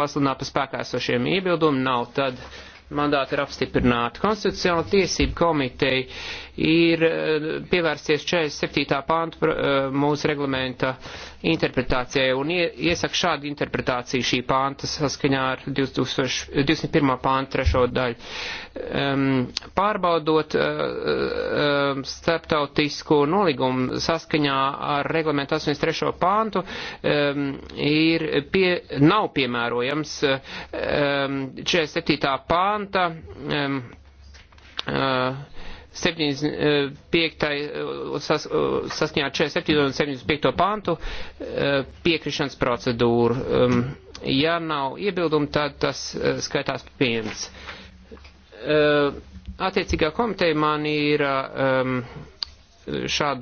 pasludināt par spēkā esošiem iebildumiem nav, tad mandāti ir apstiprināti. Konstitucionāla tiesība komiteja ir eh, pievērsties 47. pāntu eh, mūsu reglamenta interpretācijai un iesaka šādu interpretāciju šī pānta saskaņā ar 2000, 201. pānta trešo daļu. Ehm, pārbaudot eh, starptautisko nolīgumu saskaņā ar reglamentu 83. pāntu, ehm, ir pie, nav piemērojams 47. Ehm, pānta. Um, uh, 75. Eh, sas, eh, saskaņā ar 47. un 75. pantu eh, piekrišanas procedūru. Um, ja nav iebildumi, tad tas skaitās pieņemts. Attiecīgā komiteja man ir um, šādu.